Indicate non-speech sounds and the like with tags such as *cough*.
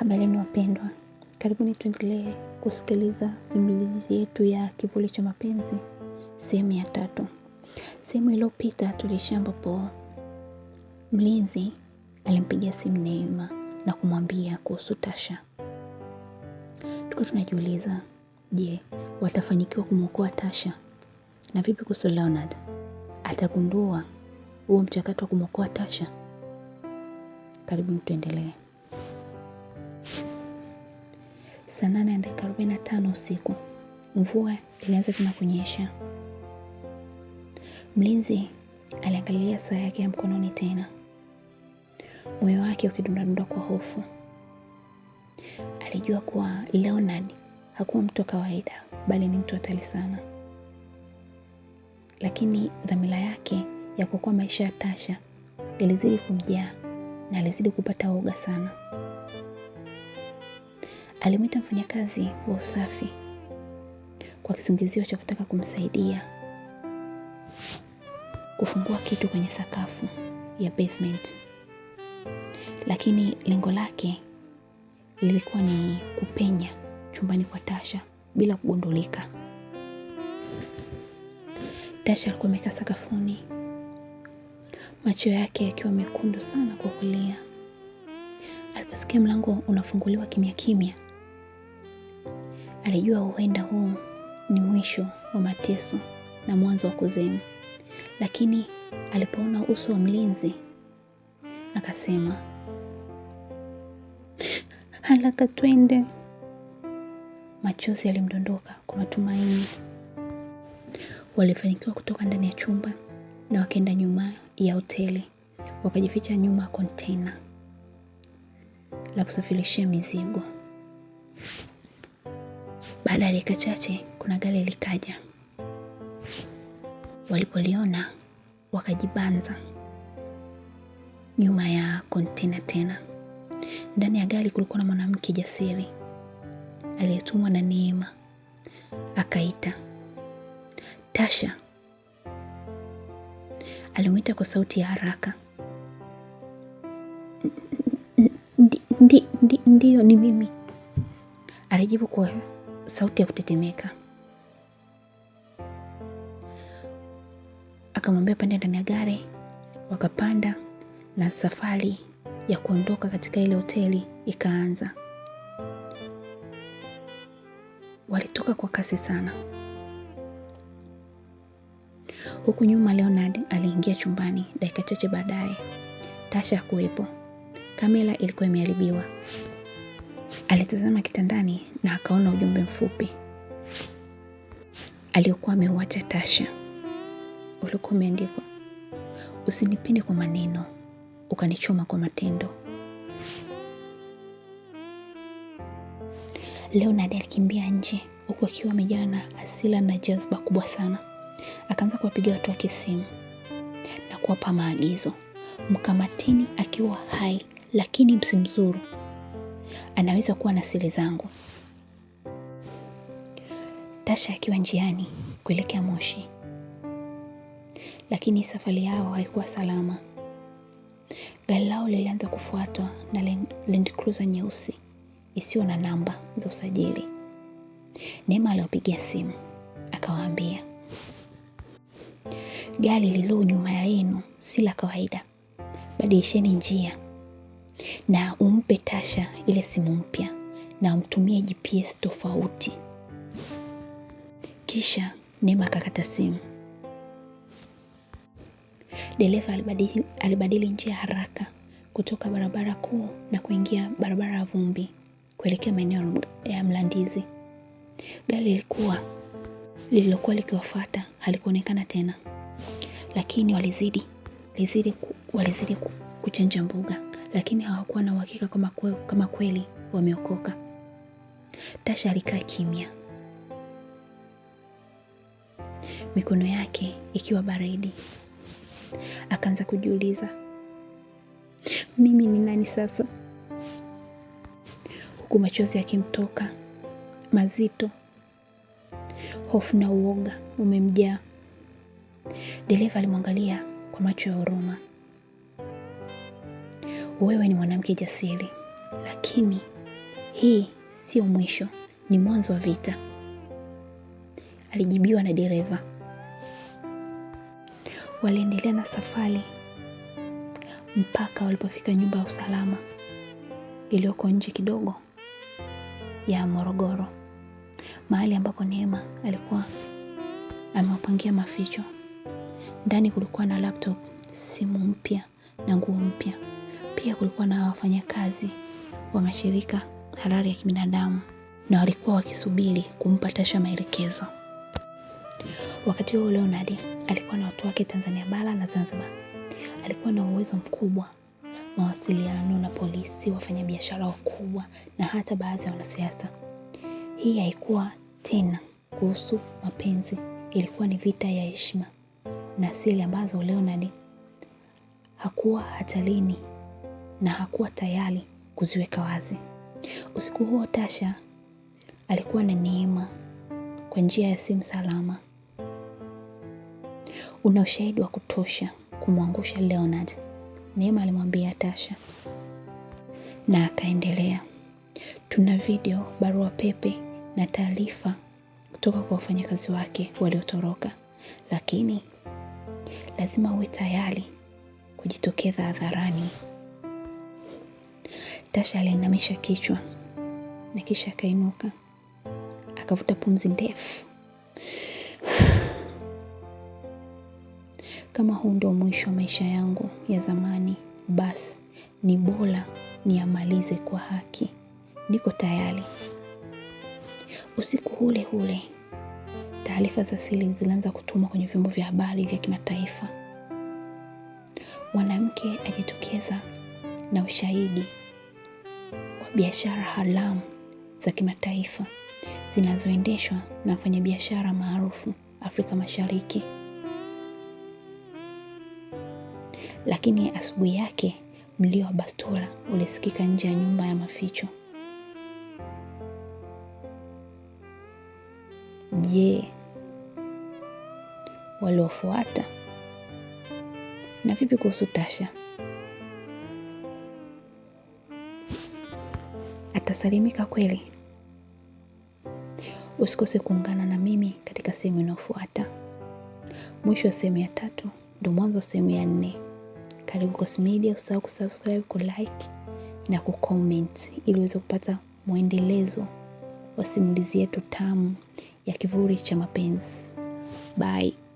Habarini wapendwa, karibuni tuendelee kusikiliza simulizi yetu ya Kivuli cha Mapenzi sehemu ya tatu. Sehemu iliyopita tulishia ambapo mlinzi alimpigia simu Neema na kumwambia kuhusu Tasha. Tuko tunajiuliza, je, watafanikiwa kumwokoa Tasha? Na vipi kuhusu Leonard, atagundua huo mchakato wa kumwokoa Tasha? Karibuni tuendelee. saa nane na dakika arobaini na tano usiku mvua ilianza tena kunyesha. Mlinzi aliangalia saa yake ya mkononi tena, moyo wake ukidundadunda kwa hofu. Alijua kuwa Leonard hakuwa mtu kawaida, bali ni mtu hatari sana, lakini dhamira yake ya kuokoa maisha ya Tasha ilizidi kumjaa na alizidi kupata woga sana. Alimwita mfanyakazi wa usafi kwa kisingizio cha kutaka kumsaidia kufungua kitu kwenye sakafu ya basement, lakini lengo lake lilikuwa ni kupenya chumbani kwa Tasha bila kugundulika. Tasha alikuwa amekaa sakafuni, macho yake yakiwa mekundu sana kwa kulia. Aliposikia mlango unafunguliwa kimya kimya Alijua huenda huu ni mwisho wa mateso na mwanzo wa kuzimu, lakini alipoona uso wa mlinzi akasema, haraka twende. Machozi yalimdondoka kwa matumaini. Walifanikiwa kutoka ndani ya chumba na wakaenda nyuma ya hoteli, wakajificha nyuma ya kontena la kusafirishia mizigo. Baada ya dakika chache, kuna gari likaja. Walipoliona wakajibanza nyuma ya kontena tena. Ndani ya gari kulikuwa na mwanamke jasiri aliyetumwa na Neema, akaita Tasha. Alimwita kwa sauti ya haraka, ndiyo, ni mimi, alijibu kwa sauti ya kutetemeka. Akamwambia pande ndani ya gari, wakapanda na safari ya kuondoka katika ile hoteli ikaanza. Walitoka kwa kasi sana. Huku nyuma, Leonard aliingia chumbani dakika chache baadaye. Tasha kuwepo kamera ilikuwa imeharibiwa. Alitazama kitandani na akaona ujumbe mfupi aliokuwa ameuacha Tasha. Ulikuwa umeandikwa, usinipende kwa maneno, ukanichoma kwa matendo. Leonard alikimbia nje huku akiwa amejaa na hasira na jazba kubwa sana. Akaanza kuwapiga watu wake simu na kuwapa maagizo, mkamatini akiwa hai, lakini msimzuru anaweza kuwa na siri zangu. Tasha akiwa njiani kuelekea Moshi, lakini safari yao haikuwa salama. Gari lao lilianza kufuatwa na Land Cruiser nyeusi isiyo na namba za usajili. Neema aliwapigia simu akawaambia, gari lililo nyuma yenu si la kawaida, badilisheni njia na umpe Tasha ile simu mpya na umtumie GPS tofauti. Kisha nema akakata simu. Dereva alibadili, alibadili njia haraka kutoka barabara kuu na kuingia barabara ya vumbi kuelekea maeneo ya Mlandizi. Gari lilikuwa lililokuwa likiwafuata halikuonekana tena, lakini walizidi, lizidi, walizidi kuchanja mbuga lakini hawakuwa na uhakika kama, kwe, kama kweli wameokoka. Tasha alikaa kimya, mikono yake ikiwa baridi. Akaanza kujiuliza, mimi ni nani sasa? Huku machozi yakimtoka mazito, hofu na uoga umemjaa. Dereva alimwangalia kwa macho ya huruma. Wewe ni mwanamke jasiri, lakini hii sio mwisho, ni mwanzo wa vita, alijibiwa na dereva. Waliendelea na safari mpaka walipofika nyumba ya usalama iliyoko nje kidogo ya Morogoro, mahali ambapo Neema alikuwa amewapangia maficho. Ndani kulikuwa na laptop, simu mpya na nguo mpya. Pia kulikuwa na wafanyakazi wa mashirika halali ya kibinadamu na walikuwa wakisubiri kumpa Tasha maelekezo. Wakati huo Leonard alikuwa na watu wake Tanzania bara na Zanzibar. Alikuwa na uwezo mkubwa, mawasiliano na polisi, wafanyabiashara wakubwa na hata baadhi ya wanasiasa. Hii haikuwa tena kuhusu mapenzi, ilikuwa ni vita ya heshima na asili ambazo Leonard hakuwa hatarini na hakuwa tayari kuziweka wazi. Usiku huo Tasha alikuwa na Neema kwa njia ya simu salama. Una ushahidi wa kutosha kumwangusha Leonard, Neema alimwambia Tasha, na akaendelea, tuna video, barua pepe na taarifa kutoka kwa wafanyakazi wake waliotoroka, lakini lazima uwe tayari kujitokeza hadharani. Tasha aliinamisha kichwa na kisha akainuka, akavuta pumzi ndefu. *sighs* Kama huu ndio mwisho wa maisha yangu ya zamani, basi ni bora niamalize kwa haki. Niko tayari. Usiku ule ule taarifa za siri zilianza kutumwa kwenye vyombo vya habari vya kimataifa. Mwanamke ajitokeza na ushahidi wa biashara haramu za kimataifa zinazoendeshwa na wafanyabiashara maarufu Afrika Mashariki. Lakini asubuhi yake mlio wa bastola ulisikika nje ya nyumba ya maficho. Je, waliofuata? Na vipi kuhusu Tasha? utasalimika kweli? Usikose kuungana na mimi katika sehemu inayofuata. Mwisho wa sehemu ya tatu ndio mwanzo wa sehemu ya nne. Karibu Cossy Media, usahau kusubscribe, kulike na kucomment ili uweze kupata mwendelezo wa simulizi yetu tamu ya kivuli cha mapenzi. Bye.